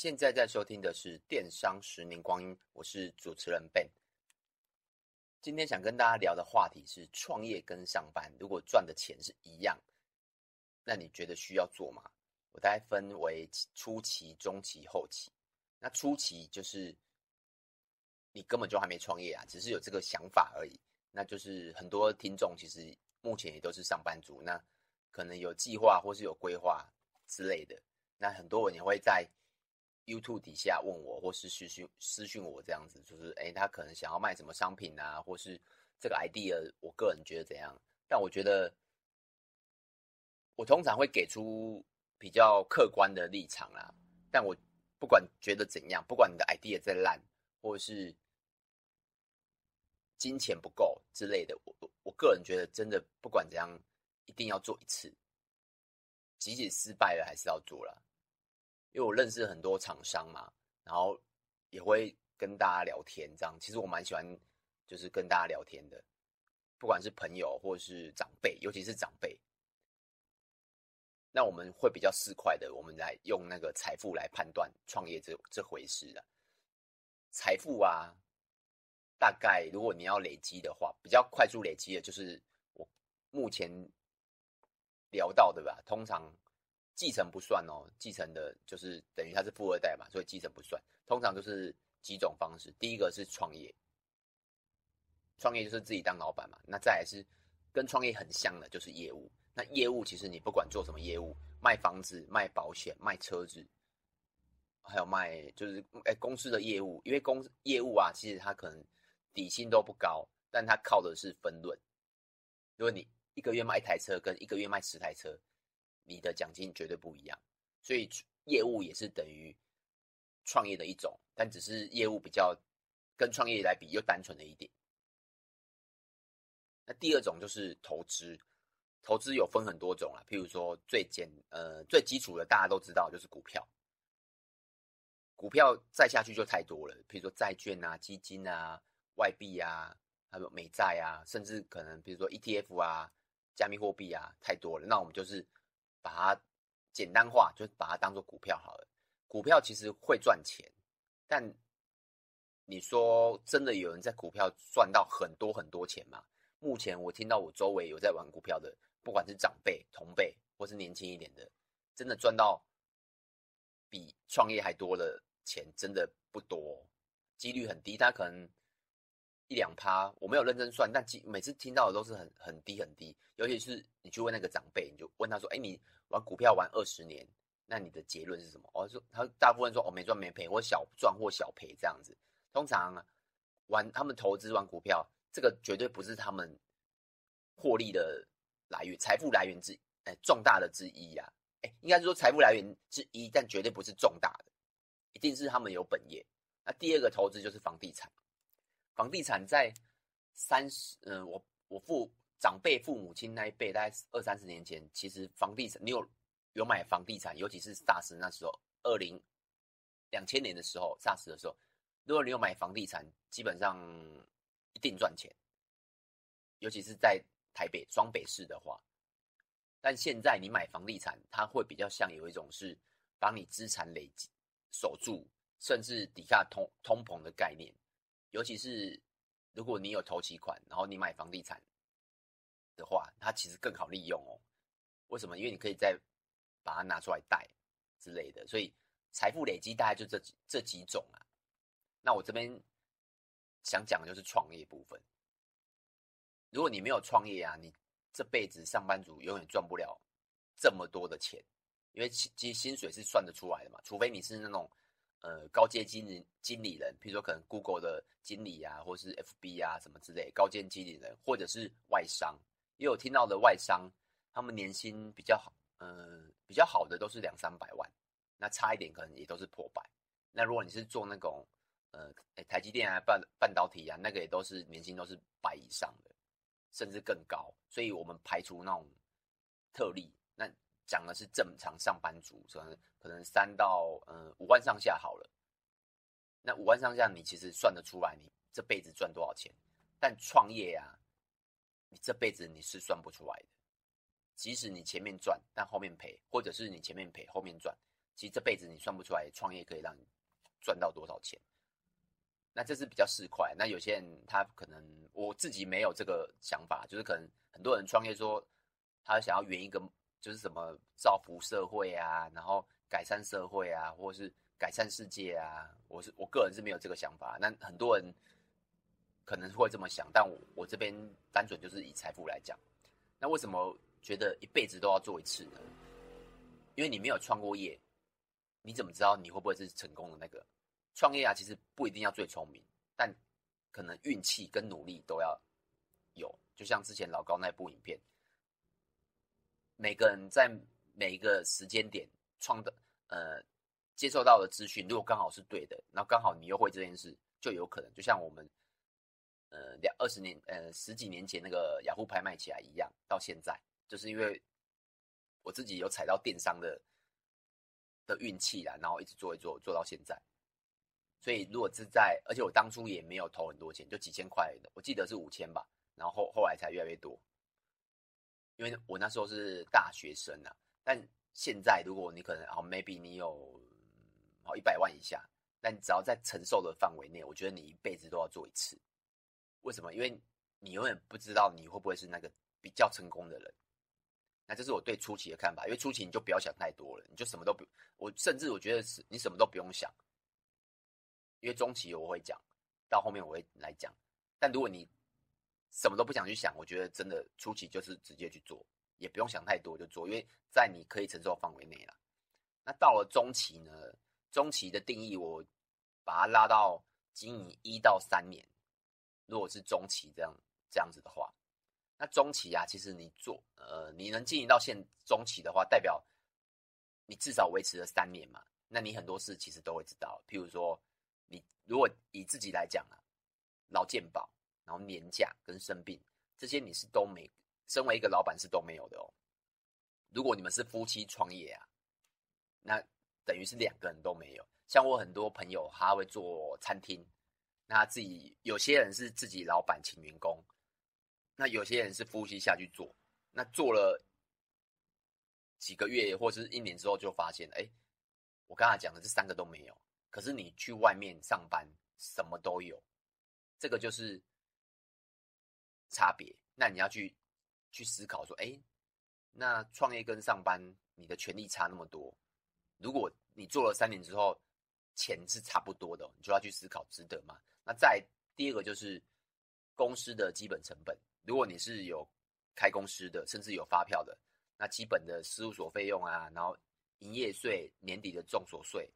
現在在收聽的是《電商十年光陰》，我是主持人 Ben。今天想跟大家聊的話題是創業跟上班，如果賺的錢是一樣，那你覺得需要做嗎？我大概分為初期、中期、後期。那初期就是你根本就還沒創業啊，只是有這個想法而已。那就是很多聽眾其實目前也都是上班族，那可能有計劃或是有規劃之類的。那很多人也會在 YouTube 底下問我，或是私訊私信我這樣子，就是誒、欸，他可能想要賣什麼商品啊，或是這個 idea，我個人覺得怎樣？但我覺得，我通常會給出比較客觀的立場啦。但我不管覺得怎樣，不管你的 idea 再爛，或是金錢不夠之類的，我我個人覺得真的不管怎樣，一定要做一次，即使失敗了，還是要做啦。因為我認識很多廠商嘛，然後也會跟大家聊天，這樣其實我蠻喜歡，就是跟大家聊天的，不管是朋友或是長輩，尤其是長輩。那我們會比較四塊的，我們來用那個財富來判斷創業這這回事的。財富啊，大概如果你要累積的話，比較快速累積的就是我目前聊到的吧，通常。繼承不算哦，繼承的就是等於他是富二代嘛，所以繼承不算。通常就是幾種方式，第一個是創業，創業就是自己當老闆嘛。那再來是跟創業很像的，就是業務。那業務其實你不管做什麼業務，賣房子、賣保險、賣車子，還有賣就是哎、欸、公司的業務，因為公業務啊，其實他可能底薪都不高，但他靠的是分潤，如果你一個月賣一台車，跟一個月賣十台車。你的獎金絕對不一樣，所以業務也是等於創業的一種，但只是業務比較跟創業來比又單純了一點。那第二種就是投資，投資有分很多種啦，譬如說最簡呃最基礎的大家都知道就是股票，股票再下去就太多了，譬如說債券啊、基金啊、外幣啊、還有美債啊，甚至可能譬如說 ETF 啊、加密貨幣啊，太多了。那我們就是。把它簡單化，就把它當做股票好了。股票其實會賺錢，但你說真的有人在股票賺到很多很多錢嗎？目前我聽到我周圍有在玩股票的，不管是長輩、同輩或是年輕一點的，真的賺到比創業還多的錢，真的不多，幾率很低，他可能。一兩趴，我沒有認真算，但每次聽到的都是很很低很低。尤其是你去問那個長輩，你就問他說：“哎，你玩股票玩二十年，那你的結論是什麼？”我、哦、說：“他大部分說，我、哦、沒賺沒賠，我小賺或小賠這樣子。通常玩他們投資玩股票，這個絕對不是他們獲利的來源，財富來源之哎重大的之一呀、啊。哎，應該是說財富來源之一，但絕對不是重大的，一定是他們有本業。那第二個投資就是房地產。”房地產在三十，嗯，我我父長輩父母親那一輩，大概二三十年前，其實房地產你有有買房地產，尤其是薩斯那時候，二零兩千年的時候，薩斯的時候，如果你有買房地產，基本上一定賺錢，尤其是在台北雙北市的話。但現在你買房地產，它會比較像有一種是把你資產累積、守住，甚至抵抗通通膨的概念。尤其是如果你有頭期款，然後你買房地產的話，它其實更好利用哦。為什麼？因為你可以再把它拿出來貸之類的，所以財富累積大概就這這幾種啊。那我這邊想講的就是創業部分。如果你沒有創業啊，你這輩子上班族永遠賺不了這麼多的錢，因為其其實薪水是算得出來的嘛，除非你是那種。呃，高階經理經理人，譬如說可能 Google 的經理啊，或是 FB 啊，什麼之類，高階經理人，或者是外商，因為我聽到的外商，他們年薪比較好，嗯、呃，比較好的都是兩三百萬，那差一點可能也都是破百。那如果你是做那種呃，台積電啊、半半導體啊，那個也都是年薪都是百以上的，甚至更高。所以我們排除那種特例。講的是正常上班族，可能可能三到嗯五萬上下好了。那五萬上下，你其實算得出來，你這輩子賺多少錢。但創業啊，你這輩子你是算不出來的。即使你前面賺，但後面賠，或者是你前面賠，後面賺，其實這輩子你算不出來創業可以讓你賺到多少錢。那這是比較市儈。那有些人他可能我自己沒有這個想法，就是可能很多人創業說他想要圓一個。就是什麼造福社會啊，然後改善社會啊，或者是改善世界啊，我是我個人是沒有這個想法。那很多人可能會這麼想，但我我這邊單純就是以財富來講。那為什麼覺得一輩子都要做一次呢？因為你沒有創過業，你怎麼知道你會不會是成功的那個？創業啊，其實不一定要最聰明，但可能運氣跟努力都要有。就像之前老高那部影片。每個人在每一個時間點創的呃，接受到的資訊，如果剛好是對的，然後剛好你又會這件事，就有可能就像我們呃兩二十年呃十幾年前那個雅虎，ah、拍賣起來一樣，到現在就是因為我自己有踩到電商的的運氣啦，然後一直做一做做到現在，所以如果是在，而且我當初也沒有投很多錢，就幾千塊的，我記得是五千吧，然後後後來才越來越多。因為我那時候是大學生啊，但現在如果你可能哦，maybe 你有哦一百萬以下，但你只要在承受的範圍內，我覺得你一輩子都要做一次。為什麼？因為你永遠不知道你會不會是那個比較成功的人。那這是我對初期的看法，因為初期你就不要想太多了，你就什麼都不，我甚至我覺得是你什麼都不用想。因為中期我會講，到後面我會來講。但如果你什麼都不想去想，我覺得真的初期就是直接去做，也不用想太多就做，因為在你可以承受範圍內了。那到了中期呢？中期的定義我把它拉到經營一到三年。如果是中期這樣這樣子的話，那中期啊，其實你做呃，你能經營到現中期的話，代表你至少維持了三年嘛。那你很多事其實都會知道，譬如說你如果以自己來講啊，勞健保。然後年假跟生病這些你是都沒，身為一個老闆是都沒有的哦。如果你們是夫妻創業啊，那等於是兩個人都沒有。像我很多朋友他會做餐廳，那自己有些人是自己老闆請員工，那有些人是夫妻下去做。那做了幾個月或是一年之後，就發現，哎，我剛才講的這三個都沒有。可是你去外面上班，什麼都有。這個就是。差別，那你要去去思考說，誒、欸，那創業跟上班，你的權利差那麼多。如果你做了三年之後，錢是差不多的，你就要去思考值得嗎？那再第二個就是公司的基本成本，如果你是有開公司的，甚至有發票的，那基本的事務所費用啊，然後營業稅、年底的重所稅。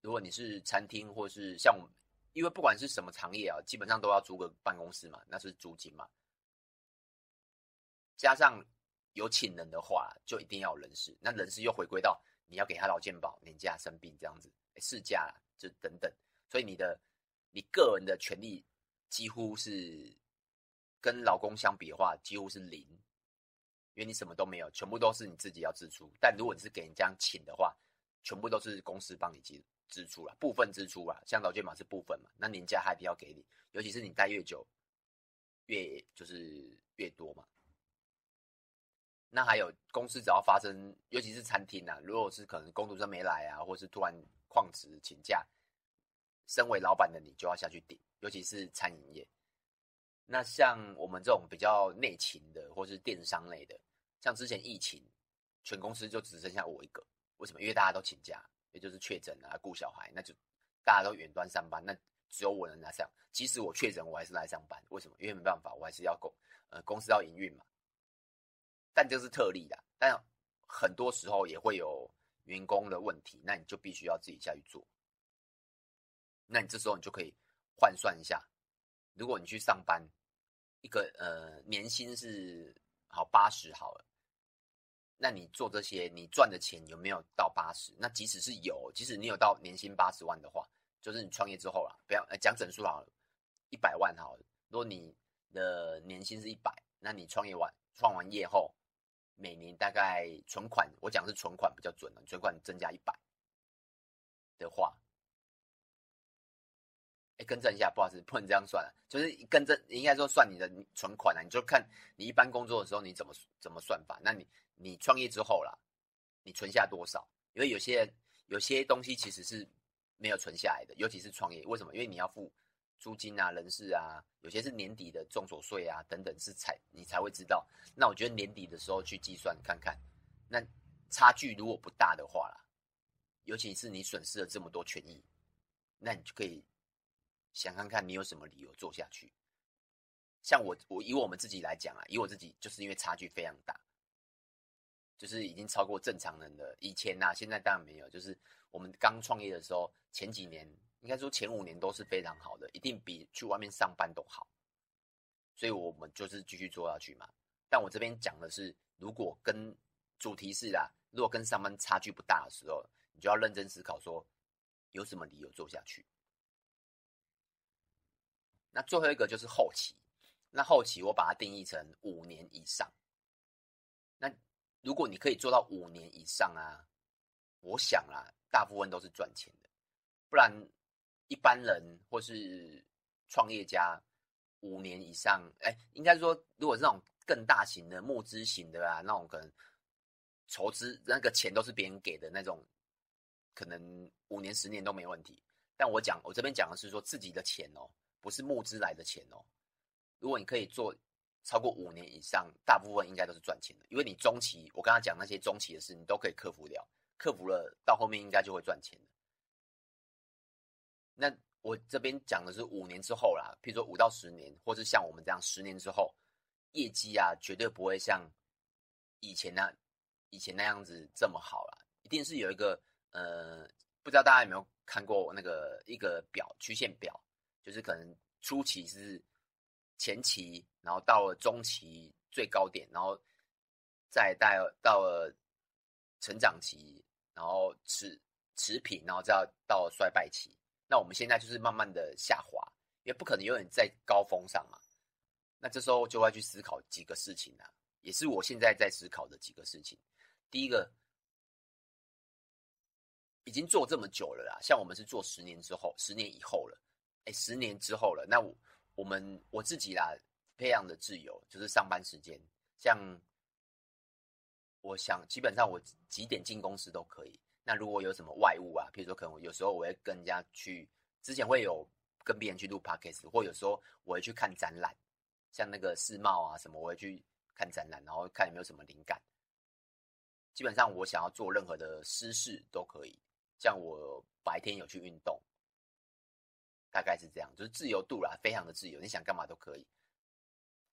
如果你是餐廳或是像我們因為不管是什麼行業啊，基本上都要租個辦公室嘛，那是租金嘛。加上有請人的話，就一定要有人事，那人事又回歸到你要給他勞健保、年假、生病這樣子，事假就等等。所以你的你個人的權利幾乎是跟勞工相比的話，幾乎是零，因為你什麼都沒有，全部都是你自己要支出。但如果你是給人家請的話，全部都是公司幫你記。支出啦，部分支出啦，像勞健保是部分嘛，那年假還比較給你，尤其是你待越久，越就是越多嘛。那還有公司只要發生，尤其是餐廳吶、啊，如果是可能工讀生沒來啊，或是突然曠職請假，身為老闆的你就要下去頂，尤其是餐飲業。那像我們這種比較內勤的，或是電商類的，像之前疫情，全公司就只剩下我一個，為什麼？因為大家都請假。也就是確診啊、顧小孩，那就大家都遠端上班，那只有我能來上。即使我確診，我還是來上班，為什麼？因為沒辦法，我還是要公，呃，公司要營運嘛。但這是特例啦，但很多時候也會有員工的問題，那你就必須要自己下去做。那你這時候你就可以換算一下，如果你去上班，一個呃年薪是好八十好了。那你做這些，你賺的錢有沒有到八十？那即使是有，即使你有到年薪八十萬的話，就是你創業之後啦，不要，呃，講整數好了，一百萬哈。如果你的年薪是一百，那你創業完創完業後，每年大概存款，我講是存款比較準了，存款增加一百的話。更正一下，不好意思，不能這樣算啊。就是更正，應該說算你的存款啊。你就看你一般工作的時候，你怎麼怎麼算法。那你你創業之後啦，你存下多少？因為有些有些東西其實是沒有存下來的，尤其是創業，為什麼？因為你要付租金啊、人事啊，有些是年底的綜所稅啊等等，是才你才會知道。那我覺得年底的時候去計算看看，那差距如果不大的話啦，尤其是你損失了這麼多權益，那你就可以。想看看你有什麼理由做下去？像我，我以我們自己來講啊，以我自己，就是因為差距非常大，就是已經超過正常人的以前吶。現在當然沒有，就是我們剛創業的時候，前幾年應該說前五年都是非常好的，一定比去外面上班都好。所以我們就是繼續做下去嘛。但我這邊講的是，如果跟主題是啦，如果跟上班差距不大的時候，你就要認真思考說，有什麼理由做下去？那最後一個就是後期，那後期我把它定義成五年以上。那如果你可以做到五年以上啊，我想啊，大部分都是賺錢的。不然一般人或是創業家五年以上，哎、欸，應該說，如果是那種更大型的募資型的啊，那種可能籌資那個錢都是別人給的那種，可能五年十年都沒問題。但我講我這邊講的是說自己的錢哦。不是募資來的錢哦。如果你可以做超過五年以上，大部分應該都是賺錢的，因為你中期我剛剛講那些中期的事，你都可以克服掉，克服了到後面應該就會賺錢的。那我這邊講的是五年之後啦，譬如說五到十年，或是像我們這樣十年之後，業績啊絕對不會像以前那，以前那樣子這麼好啦，一定是有一個呃，不知道大家有沒有看過那個一個表，曲線表。就是可能初期是前期，然後到了中期最高點，然後再帶到了成長期，然後持持平，然後再到了衰敗期。那我們現在就是慢慢的下滑，也不可能永遠在高峰上嘛。那這時候就會去思考幾個事情啦、啊，也是我現在在思考的幾個事情。第一個，已經做這麼久了啦，像我們是做十年之後，十年以後了。哎、欸，十年之後了。那我我們我自己啦，培養的自由，就是上班時間，像我想基本上我幾點進公司都可以。那如果有什麼外務啊，比如說可能有時候我會跟人家去，之前會有跟別人去錄 podcast，或有時候我會去看展覽，像那個世貿啊什麼，我會去看展覽，然後看有沒有什麼靈感。基本上我想要做任何的私事都可以，像我白天有去運動。大概是這樣，就是自由度啦，非常的自由，你想幹嘛都可以。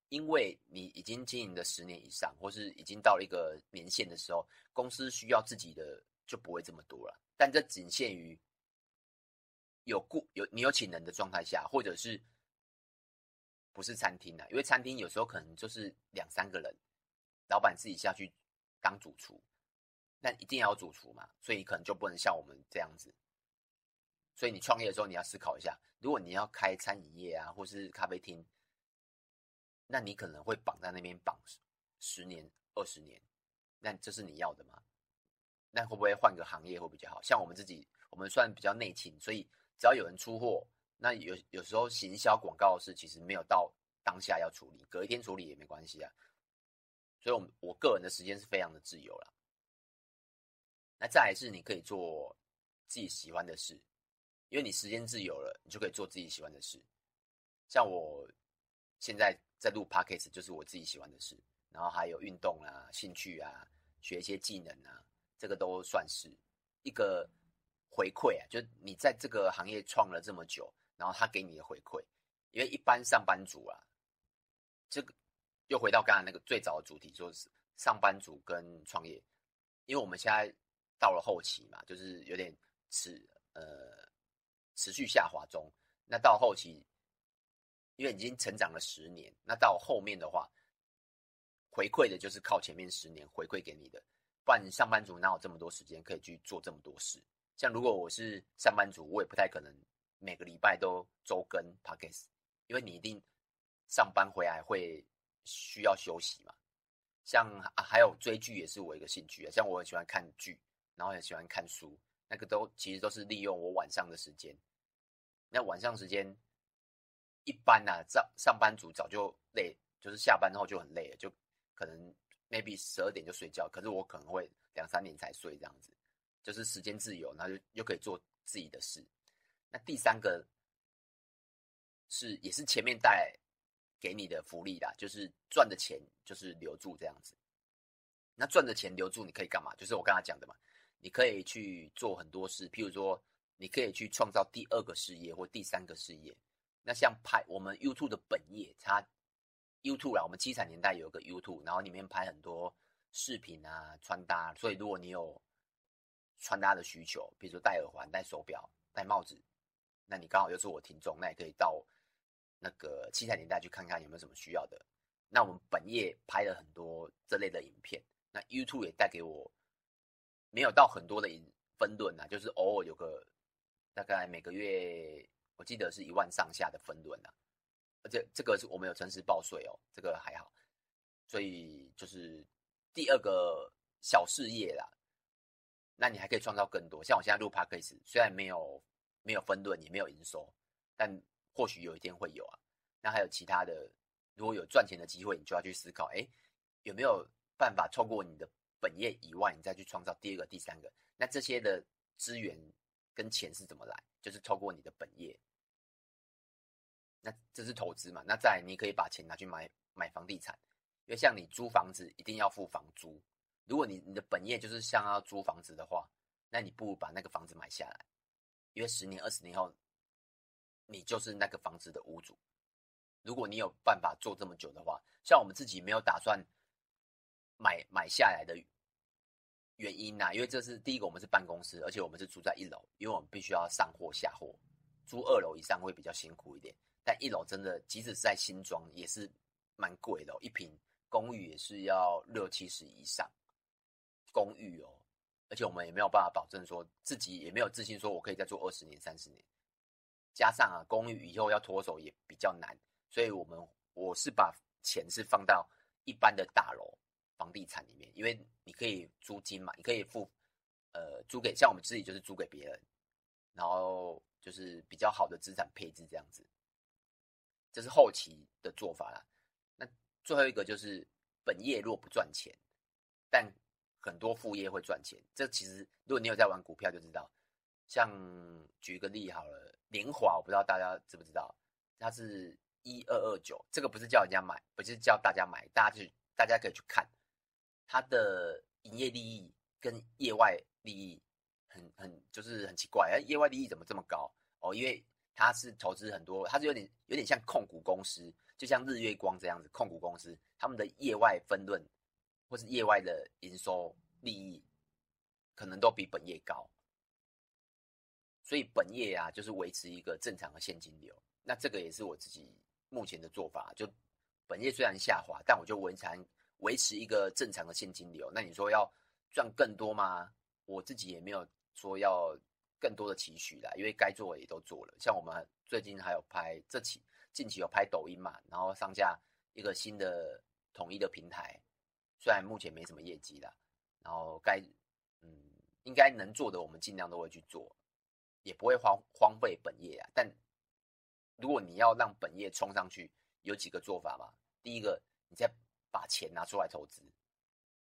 因為你已經經營了十年以上，或是已經到了一個年限的時候，公司需要自己的就不會這麼多了。但這僅限於有雇有，有你有請人的狀態下，或者是不是餐廳啦，因為餐廳有時候可能就是兩三個人，老板自己下去當主廚，那一定要有主廚嘛，所以可能就不能像我們這樣子。所以你創業的時候，你要思考一下，如果你要開餐飲業啊，或是咖啡廳，那你可能會綁在那邊綁十年、二十年，那這是你要的嗎？那會不會換個行業會比較好？像我們自己，我們算比較內勤，所以只要有人出貨，那有有時候行銷廣告的事，其實沒有到當下要處理，隔一天處理也沒關係啊。所以，我們我個人的時間是非常的自由啦。那再來是，你可以做自己喜歡的事。因為你時間自由了，你就可以做自己喜歡的事。像我現在在錄 Podcast，就是我自己喜歡的事。然後還有運動啊、興趣啊、學一些技能啊，這個都算是一個回饋啊。就你在這個行業創了這麼久，然後他給你的回饋。因為一般上班族啊，這個又回到剛才那個最早的主題，就是上班族跟創業。因為我們現在到了後期嘛，就是有點是呃。持續下滑中，那到後期，因為已經成長了十年，那到後面的話，回饋的就是靠前面十年回饋給你的。不然你上班族哪有這麼多時間可以去做這麼多事？像如果我是上班族，我也不太可能每個禮拜都週更 Podcast，因為你一定上班回來會需要休息嘛。像、啊、還有追劇也是我一個興趣啊，像我很喜歡看劇，然後很喜歡看書，那個都其實都是利用我晚上的時間。那晚上時間一般呢、啊，上上班族早就累，就是下班之後就很累了，就可能 maybe 十二點就睡覺。可是我可能會兩三點才睡這樣子，就是時間自由，那就又，又可以做自己的事。那第三個是也是前面帶給你的福利啦，就是賺的錢就是留住這樣子。那賺的錢留住你可以幹嘛？就是我剛才講的嘛，你可以去做很多事，譬如說。你可以去創造第二個事業或第三個事業。那像拍我們 YouTube 的本業，它 YouTube 啦、啊，我們柒彩年代有個 YouTube，然後裡面拍很多視頻啊，穿搭。所以如果你有穿搭的需求，比如說戴耳環、戴手錶、戴帽子，那你剛好又是我聽眾，那也可以到那個柒彩年代去看看有沒有什麼需要的。那我們本業拍了很多這類的影片，那 YouTube 也帶給我沒有到很多的分潤啊，就是偶爾有個。大概每個月，我記得是一萬上下的分潤啊這。而且這個是我們有誠實報稅哦，這個還好。所以就是第二個小事業啦，那你還可以創造更多。像我現在錄 podcast 雖然沒有沒有分潤，也沒有營收，但或許有一天會有啊。那還有其他的，如果有賺錢的機會，你就要去思考，哎，有沒有辦法超過你的本業以外，你再去創造第二個、第三個？那這些的資源。跟錢是怎麼來，就是透過你的本業，那這是投資嘛？那再來，你可以把錢拿去買買房地產，因為像你租房子，一定要付房租。如果你你的本業就是像要租房子的話，那你不如把那個房子買下來，因為十年二十年後，你就是那個房子的屋主。如果你有辦法做這麼久的話，像我們自己沒有打算買買下來的。原因吶、啊，因為這是第一個，我們是辦公室，而且我們是住在一樓，因為我們必須要上貨下貨，租二樓以上會比較辛苦一點。但一樓真的，即使是在新莊也是蠻貴的，哦、一坪公寓也是要六七十以上，公寓哦，而且我們也沒有辦法保證說，自己也沒有自信說我可以再做二十年三十年，加上啊，公寓以後要脫手也比較難，所以我們我是把錢是放到一般的大樓房地產裡面，因為你可以租金嘛，你可以付呃租給，像我們自己就是租給別人，然後就是比較好的資產配置這樣子，這是後期的做法啦。那最後一個就是本業若不賺錢，但很多副業會賺錢。這其實如果你有在玩股票就知道，像舉個例好了，聯華我不知道大家知不知道，它是一二二九，這個不是叫人家買，不是叫大家買，大家去大家可以去看。他的營業利益跟業外利益很很就是很奇怪，哎，業外利益怎麼這麼高哦？因為他是投資很多，他是有點有點像控股公司，就像日月光這樣子，控股公司他們的業外分潤或是業外的營收利益可能都比本業高，所以本業啊就是維持一個正常的現金流。那這個也是我自己目前的做法，就本業雖然下滑，但我覺得產.維持一個正常的現金流，那你說要賺更多嗎？我自己也沒有說要更多的期許啦，因為該做的也都做了。像我們最近還有拍這期，近期有拍抖音嘛，然後上架一個新的統一的平台，雖然目前沒什麼業績啦，然後該嗯應該能做的我們儘量都會去做，也不會荒荒廢本業啊。但如果你要讓本業衝上去，有幾個做法嘛？第一個，你在。把錢拿出來投資，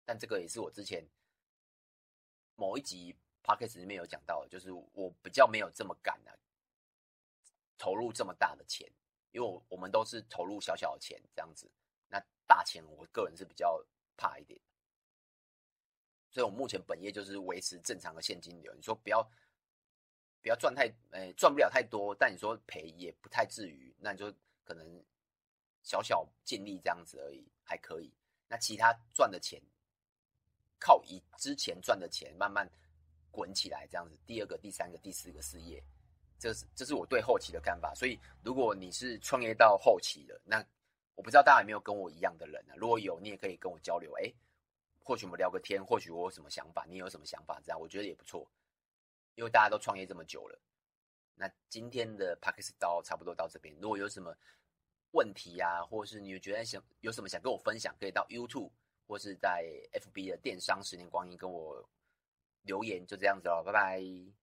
但這個也是我之前某一集 Podcast 裡面有講到的，就是我比較沒有這麼敢啊，投入這麼大的錢，因為我我們都是投入小小的錢這樣子，那大錢我個人是比較怕一點，所以，我目前本業就是維持正常的現金流。你說不要不要賺太，呃、欸，賺不了太多，但你說賠也不太至於，那你就可能小小盡力這樣子而已。還可以，那其他賺的錢靠以之前賺的錢慢慢滾起來，這樣子。第二個、第三個、第四個事業，這是這是我對後期的看法。所以，如果你是創業到後期了，那我不知道大家有沒有跟我一樣的人呢、啊？如果有，你也可以跟我交流。誒、欸，或許我們聊個天，或許我有什麼想法，你有什麼想法，這樣我覺得也不錯。因為大家都創業這麼久了，那今天的 Podcast 差不多到這邊。如果有什麼問題啊，或是你有覺得想，有什麼想跟我分享，可以到 YouTube 或是在 FB 的電商十年光陰跟我留言，就這樣子嘍，拜拜。